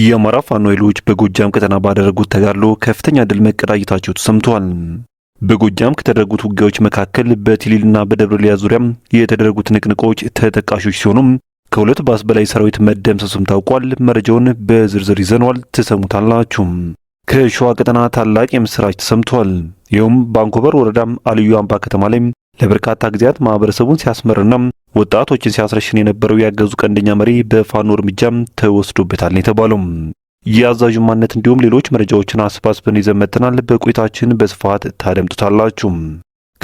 የአማራ ፋኖ ኃይሎች በጎጃም ቀጠና ባደረጉት ተጋድሎ ከፍተኛ ድል መቀዳጀታቸው ተሰምቷል። በጎጃም ከተደረጉት ውጊያዎች መካከል በቲሊልና በደብረ ሊያ ዙሪያ የተደረጉት ንቅንቆች ተጠቃሾች ሲሆኑም ከሁለት ባስ በላይ ሰራዊት መደምሰሱም ታውቋል። መረጃውን በዝርዝር ይዘነዋል፣ ትሰሙታላችሁ። ከሸዋ ቀጠና ታላቅ የምስራች ተሰምቷል። ይኸውም በአንኮበር ወረዳም አልዩ አምባ ከተማ ላይ ለበርካታ ጊዜያት ማህበረሰቡን ሲያስመርና ወጣቶችን ሲያስረሽን የነበረው ያገዙ ቀንደኛ መሪ በፋኖ እርምጃም ተወስዶበታል ነው የተባለው። የአዛዡ ማንነት እንዲሁም ሌሎች መረጃዎችን አሰባስበን ይዘን መጥተናል። በቆይታችን በስፋት ታደምጡታላችሁ።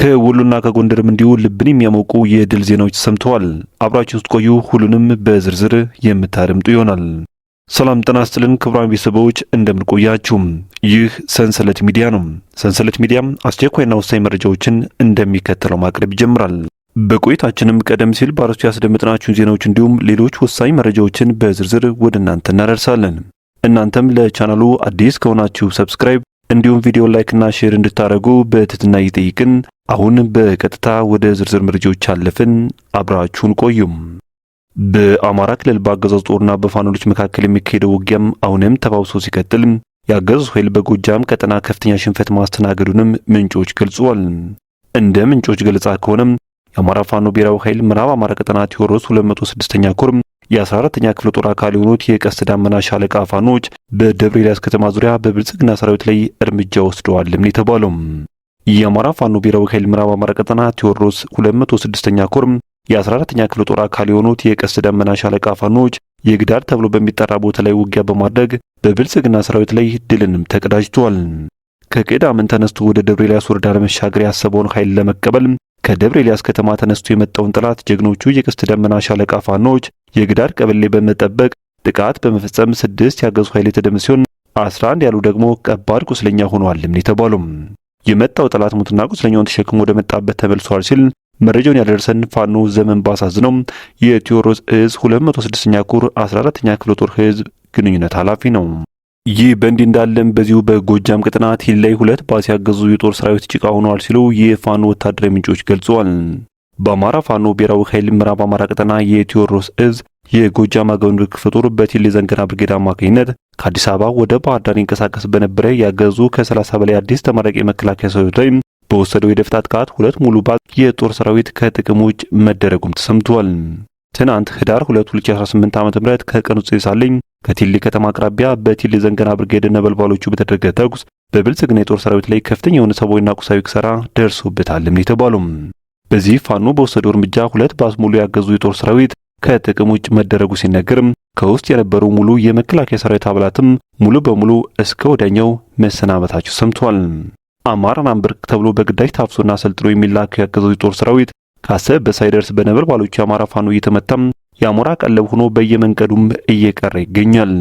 ከወሎና ከጎንደርም እንዲሁ ልብን የሚያሞቁ የድል ዜናዎች ሰምተዋል። አብራችን ውስጥ ቆዩ። ሁሉንም በዝርዝር የምታደምጡ ይሆናል። ሰላም ጤና ይስጥልን ክቡራን ቤተሰቦች እንደምን ቆያችሁ? ይህ ሰንሰለት ሚዲያ ነው። ሰንሰለት ሚዲያም አስቸኳይና ወሳኝ መረጃዎችን እንደሚከተለው ማቅረብ ይጀምራል። በቆይታችንም ቀደም ሲል በአርዕስቱ ያስደመጥናችሁን ዜናዎች እንዲሁም ሌሎች ወሳኝ መረጃዎችን በዝርዝር ወደ እናንተ እናደርሳለን። እናንተም ለቻናሉ አዲስ ከሆናችሁ ሰብስክራይብ እንዲሁም ቪዲዮ ላይክና ሼር እንድታደርጉ በትህትና እየጠየቅን አሁን በቀጥታ ወደ ዝርዝር መረጃዎች አለፍን። አብራችሁን ቆዩም። በአማራ ክልል በአገዛዙ ጦርና በፋኖሎች መካከል የሚካሄደው ውጊያም አሁንም ተባብሶ ሲቀጥል የአገዛዙ ኃይል በጎጃም ቀጠና ከፍተኛ ሽንፈት ማስተናገዱንም ምንጮች ገልጸዋል። እንደ ምንጮች ገለጻ ከሆነም የአማራ ፋኖ ብሔራዊ ኃይል ምዕራብ አማራ ቀጠና ቴዎድሮስ 206ኛ ኮርም የ14ኛ ክፍለ ጦር አካል የሆኑት የቀስት ዳመና ሻለቃ ፋኖች በደብረ ኤልያስ ከተማ ዙሪያ በብልጽግና ሰራዊት ላይ እርምጃ ወስደዋልም የተባለው የአማራ ፋኖ ብሔራዊ ኃይል ምዕራብ አማራ ቀጠና ቴዎድሮስ 206ኛ ኮርም የ14ኛ ክፍለ ጦር አካል የሆኑት የቀስት ዳመና ሻለቃ ፋኖች የግዳር ተብሎ በሚጠራ ቦታ ላይ ውጊያ በማድረግ በብልጽግና ሰራዊት ላይ ድልንም ተቀዳጅቷል። ከቄዳምን ተነስቶ ወደ ደብረ ኤልያስ ወረዳ ለመሻገር ያሰበውን ኃይል ለመቀበል ከደብረ ኤልያስ ከተማ ተነስቶ የመጣውን ጥላት ጀግኖቹ የቅስት ደመና ሻለቃ ፋኖች የግዳር ቀበሌ በመጠበቅ ጥቃት በመፈጸም ስድስት ያገዙ ኃይል የተደመ ሲሆን 11 ያሉ ደግሞ ከባድ ቁስለኛ ሆነዋልም የተባሉም የመጣው ጠላት ሙትና ቁስለኛውን ተሸክሞ ወደ መጣበት ተመልሷል ሲል መረጃውን ያደረሰን ፋኖ ዘመን ነው። የቴዎድሮስ እዝ 206ኛ ኩር 14ኛ ክፍለ ጦር ህዝብ ግንኙነት ኃላፊ ነው። ይህ በእንዲህ እንዳለም በዚሁ በጎጃም ቅጥና ቲል ላይ ሁለት ባስ ያገዙ የጦር ሰራዊት ጭቃ ሆነዋል ሲሉ የፋኖ ወታደራዊ ምንጮች ገልጸዋል። በአማራ ፋኖ ብሔራዊ ኃይል ምዕራብ አማራ ቅጥና የቴዎድሮስ እዝ የጎጃም አገንዶ ክፍለ ጦር በቲል ዘንገና ብርጌድ አማካኝነት ከአዲስ አበባ ወደ ባህር ዳር ይንቀሳቀስ በነበረ ያገዙ ከ30 በላይ አዲስ ተመራቂ መከላከያ ሰዎች ላይ በወሰደው የደፈጣ ጥቃት ሁለት ሙሉ ባዝ የጦር ሰራዊት ከጥቅም ውጭ መደረጉም ተሰምቷል። ትናንት ህዳር 2 2018 ዓ.ም ከቀኑ 9 ከቲሊ ከተማ አቅራቢያ በቲሊ ዘንገና ብርጌድ ነበልባሎቹ በተደረገ ተኩስ በብልጽግና የጦር ሰራዊት ላይ ከፍተኛ የሆነ ሰብዓዊና ቁሳዊ ኪሳራ ደርሶበታልም የተባሉም። በዚህ ፋኖ በወሰደው እርምጃ ሁለት ባስ ሙሉ ያገዙ የጦር ሰራዊት ከጥቅም ውጭ መደረጉ ሲነገርም ከውስጥ የነበሩ ሙሉ የመከላከያ ሰራዊት አባላትም ሙሉ በሙሉ እስከ ወዲያኛው መሰናበታቸው ሰምቷል። አማራን አንበርክ ተብሎ በግዳጅ ታፍሶና ሰልጥኖ የሚላከው ያገዘው የጦር ሰራዊት ካሰበበት ሳይደርስ በነበልባሎቹ የአማራ ፋኖ እየተመታም የአሞራ ቀለብ ሆኖ በየመንገዱም እየቀረ ይገኛል።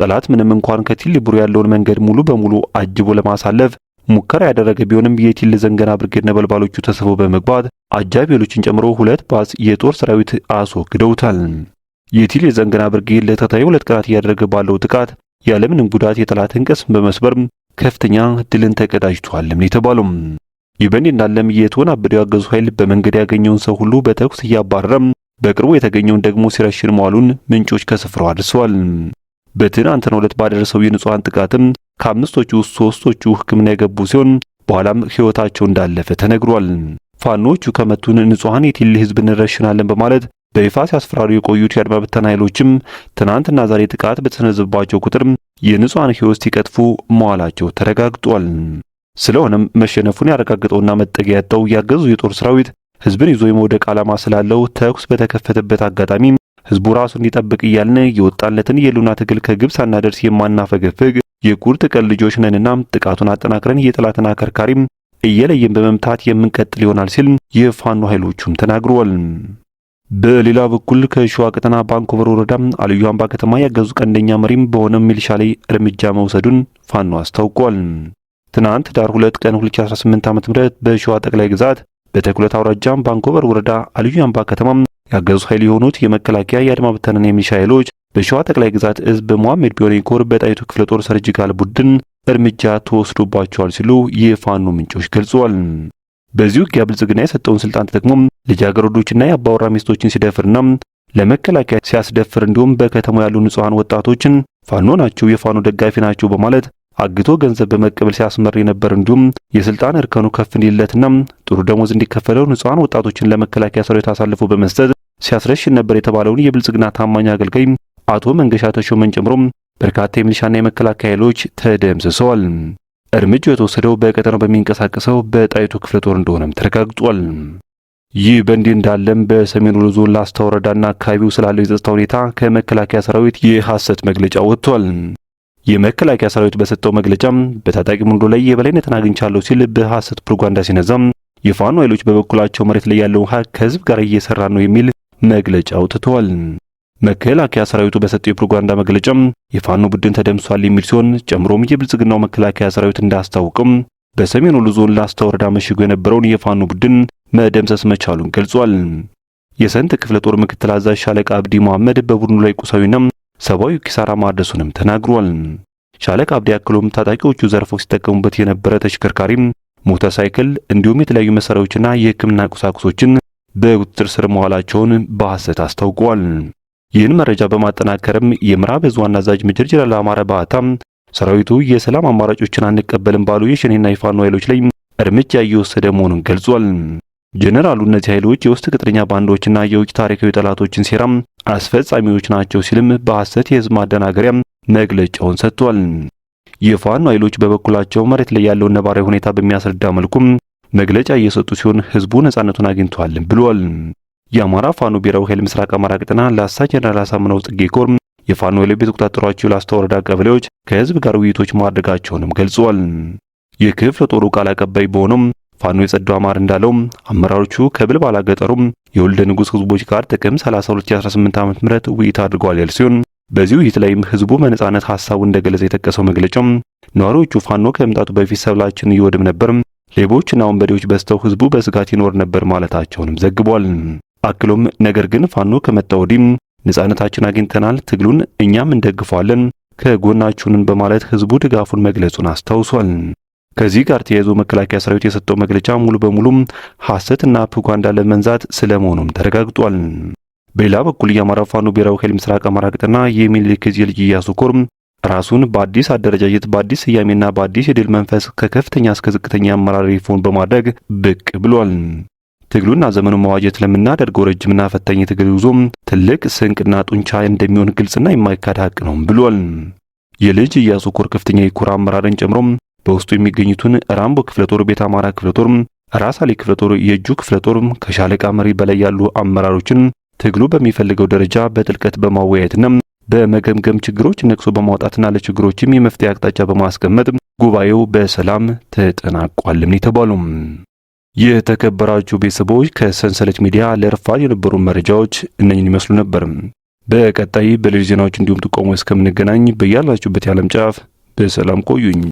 ጠላት ምንም እንኳን ከቲል ብሩ ያለውን መንገድ ሙሉ በሙሉ አጅቦ ለማሳለፍ ሙከራ ያደረገ ቢሆንም የቲል ዘንገና ብርጌድ ነበልባሎቹ ተስበው በመግባት አጃቢዎችን ጨምሮ ሁለት ባስ የጦር ሰራዊት አስወግደውታል። የቲል የዘንገና ብርጌድ ለተከታታይ ሁለት ቀናት እያደረገ ባለው ጥቃት ያለምንም ጉዳት የጠላትን ቅስም በመስበር ከፍተኛ ድልን ተቀዳጅቷልም የተባሉም ይህ በእንዲህ እንዳለም የተወናበደው ያገዙ ኃይል በመንገድ ያገኘውን ሰው ሁሉ በተኩስ እያባረረም በቅርቡ የተገኘውን ደግሞ ሲረሽን መዋሉን ምንጮች ከስፍራው አድርሰዋል። በትናንትናው ዕለት ባደረሰው የንጹሐን ጥቃትም ከአምስቶቹ ውስጥ ሶስቶቹ ሕክምና የገቡ ሲሆን በኋላም ሕይወታቸው እንዳለፈ ተነግሯል። ፋኖቹ ከመቱን ንጹሐን የቲል ህዝብ እንረሽናለን በማለት በይፋ ሲያስፈራሩ የቆዩት የአድማ ብተና ኃይሎችም ትናንትና ዛሬ ጥቃት በተሰነዘበባቸው ቁጥር የንጹሐን ሕይወት ሲቀጥፉ መዋላቸው ተረጋግጧል። ስለሆነም መሸነፉን ያረጋግጠውና መጠጊያ ያጣው ያገዙ የጦር ሰራዊት ህዝብን ይዞ የመውደቅ ዓላማ ስላለው ተኩስ በተከፈተበት አጋጣሚ ህዝቡ ራሱ እንዲጠብቅ እያልን የወጣለትን የሉና ትግል ከግብ ሳናደርስ የማናፈገፍግ የቁርጥ ቀን ልጆች ነንና ጥቃቱን አጠናክረን የጠላትን አከርካሪም እየለየን በመምታት የምንቀጥል ይሆናል ሲል የፋኖ ኃይሎቹም ተናግረዋል። በሌላ በኩል ከሸዋ ቀጠና ባንኮቨር ወረዳ አልዩ አምባ ከተማ ያገዙ ቀንደኛ መሪም በሆነ ሚሊሻ ላይ እርምጃ መውሰዱን ፋኖ አስታውቋል። ትናንት ዳር 2 ቀን 2018 ዓ.ም በሸዋ ጠቅላይ ግዛት በተኩለት አውራጃም ባንኮበር ወረዳ አልዩ አምባ ከተማም ያገዙ ኃይል የሆኑት የመከላከያ የአድማ ብተናና የሚሊሻ ኃይሎች በሸዋ ጠቅላይ ግዛት እዝ በመሐመድ ቢሆኔ ኮር በጣይቱ ክፍለ ጦር ሰርጂካል ቡድን እርምጃ ተወስዶባቸዋል ሲሉ የፋኖ ምንጮች ገልጸዋል። በዚሁ ውጊያ ብልጽግና የሰጠውን ስልጣን ተጠቅሞ ልጃገረዶችና የአባወራ ሚስቶችን ሲደፍርና ለመከላከያ ሲያስደፍር እንዲሁም በከተማው ያሉ ንጹሐን ወጣቶችን ፋኖ ናቸው፣ የፋኖ ደጋፊ ናቸው በማለት አግቶ ገንዘብ በመቀበል ሲያስመር የነበር እንዲሁም የስልጣን እርከኑ ከፍ እንዲለትና ጥሩ ደሞዝ እንዲከፈለው ንጹሐን ወጣቶችን ለመከላከያ ሰራዊት አሳልፎ በመስጠት ሲያስረሽን ነበር የተባለውን የብልጽግና ታማኝ አገልጋይ አቶ መንገሻ ተሾመን ጨምሮ በርካታ የሚሊሻና የመከላከያ ኃይሎች ተደምስሰዋል። እርምጃው የተወሰደው በቀጠናው በሚንቀሳቀሰው በጣይቱ ክፍለ ጦር እንደሆነም ተረጋግጧል። ይህ በእንዲህ እንዳለም በሰሜን ወሎ ዞን ላስታ ወረዳና አካባቢው ስላለው የጸጥታ ሁኔታ ከመከላከያ ሰራዊት የሐሰት መግለጫ ወጥቷል። የመከላከያ ሰራዊት በሰጠው መግለጫ በታጣቂ ሙንዶ ላይ የበላይነትን አግኝቻለሁ ሲል በሐሰት ፕሮፓጋንዳ ሲነዛም፣ የፋኖ ኃይሎች በበኩላቸው መሬት ላይ ያለውን ሀቅ ከህዝብ ጋር እየሰራ ነው የሚል መግለጫ አውጥተዋል። መከላከያ ሰራዊቱ በሰጠው የፕሮፓጋንዳ መግለጫ የፋኖ ቡድን ተደምሷል የሚል ሲሆን ጨምሮም የብልጽግናው መከላከያ ሰራዊት እንዳስታወቅም በሰሜን ወሎ ዞን ላስታ ወረዳ መሽጎ የነበረውን የፋኖ ቡድን መደምሰስ መቻሉን ገልጿል። የሰንት ክፍለ ጦር ምክትል አዛዥ ሻለቃ አብዲ መሐመድ በቡድኑ ላይ ቁሳዊና ሰብአዊ ኪሳራ ማድረሱንም ተናግሯል። ሻለቃ አብዲ አክሎም ታጣቂዎቹ ዘርፈው ሲጠቀሙበት የነበረ ተሽከርካሪም፣ ሞተር ሳይክል እንዲሁም የተለያዩ መሳሪያዎችና የሕክምና ቁሳቁሶችን በቁጥጥር ስር መዋላቸውን በሐሰት አስታውቀዋል። ይህን መረጃ በማጠናከርም የምዕራብ ዕዝ ዋና አዛዥ ሜጀር ጄኔራል አማረ ሰራዊቱ የሰላም አማራጮችን አንቀበልም ባሉ የሸኔና የፋኖ ኃይሎች ላይ እርምጃ እየወሰደ መሆኑን ገልጿል። ጄኔራሉ እነዚህ ኃይሎች የውስጥ ቅጥረኛ ባንዶችና የውጭ ታሪካዊ ጠላቶችን ሴራም አስፈጻሚዎች ናቸው ሲልም በሐሰት የህዝብ ማደናገሪያ መግለጫውን ሰጥቷል። የፋኖ ኃይሎች በበኩላቸው መሬት ላይ ያለውን ነባራዊ ሁኔታ በሚያስረዳ መልኩም መግለጫ እየሰጡ ሲሆን ህዝቡ ነጻነቱን አግኝቷል ብሏል። የአማራ ፋኖ ብሔራዊ ኃይል ምስራቅ አማራ ቅጥና ላሳ ጀነራል አሳምነው ጽጌ ኮር የፋኖ ኃይሎች በተቆጣጠሯቸው ላስታ ወረዳ ቀበሌዎች ከህዝብ ጋር ውይይቶች ማድረጋቸውንም ገልጿል። የክፍለ ጦሩ ቃል አቀባይ በሆነው ፋኖ የጸዱ አማር እንዳለው አመራሮቹ ከብልባላ ገጠሩ የወልደ ንጉሥ ህዝቦች ጋር ጥቅም 30 2018 ዓ.ም ውይይት አድርገዋል ያል ሲሆን በዚህ ውይይት ላይም ህዝቡ በነጻነት ሐሳቡ እንደገለጸ የጠቀሰው መግለጫው ነዋሪዎቹ ፋኖ ከመምጣቱ በፊት ሰብላችን እየወድም ነበር፣ ሌቦችና ወንበዴዎች በዝተው ህዝቡ በስጋት ይኖር ነበር ማለታቸውንም ዘግቧል። አክሎም ነገር ግን ፋኖ ከመጣ ወዲህ ነጻነታችን አግኝተናል፣ ትግሉን እኛም እንደግፈዋለን፣ ከጎናችሁንን በማለት ህዝቡ ድጋፉን መግለጹን አስታውሷል። ከዚህ ጋር ተያይዞ መከላከያ ሰራዊት የሰጠው መግለጫ ሙሉ በሙሉም ሐሰትና ፕሮፓጋንዳ ለመንዛት ስለመሆኑም ተረጋግጧል። በሌላ በኩል የአማራ ፋኖ ብሔራዊ ኃይል ምስራቅ አማራ ቅጥና የሚኒልክ ዕዝ ልጅ ኢያሱ ኮር ራሱን በአዲስ አደረጃጀት በአዲስ ስያሜና በአዲስ የድል መንፈስ ከከፍተኛ እስከ ዝቅተኛ አመራር ሪፎን በማድረግ ብቅ ብሏል። ትግሉና ዘመኑን መዋጀት ለምናደርገው ረጅምና ፈታኝ የትግል ጉዞም ትልቅ ስንቅና ጡንቻ እንደሚሆን ግልጽና የማይካድ ሀቅ ነው ብሏል። የልጅ ኢያሱ ኮር ከፍተኛ የኮር አመራርን ጨምሮም በውስጡ የሚገኙትን ራምቦ ጦር፣ ቤት አማራ ጦር፣ ራስ አሊ ክፍለጦር፣ የእጁ ጦር ከሻለቃ መሪ በላይ ያሉ አመራሮችን ትግሉ በሚፈልገው ደረጃ በጥልቀት በማወያየትና በመገምገም ችግሮች ነቅሶ በማውጣትና ለችግሮችም የመፍትሄ አቅጣጫ በማስቀመጥ ጉባኤው በሰላም ተጠናቋልም የተባሉ የተከበራችሁ ቤተሰቦች ከሰንሰለት ሚዲያ ለርፋድ የነበሩ መረጃዎች እነኝን ይመስሉ ነበር። በቀጣይ በሌሎች ዜናዎች እንዲሁም ጥቆሞ እስከምንገናኝ በያላችሁበት የዓለም ጫፍ በሰላም ቆዩኝ።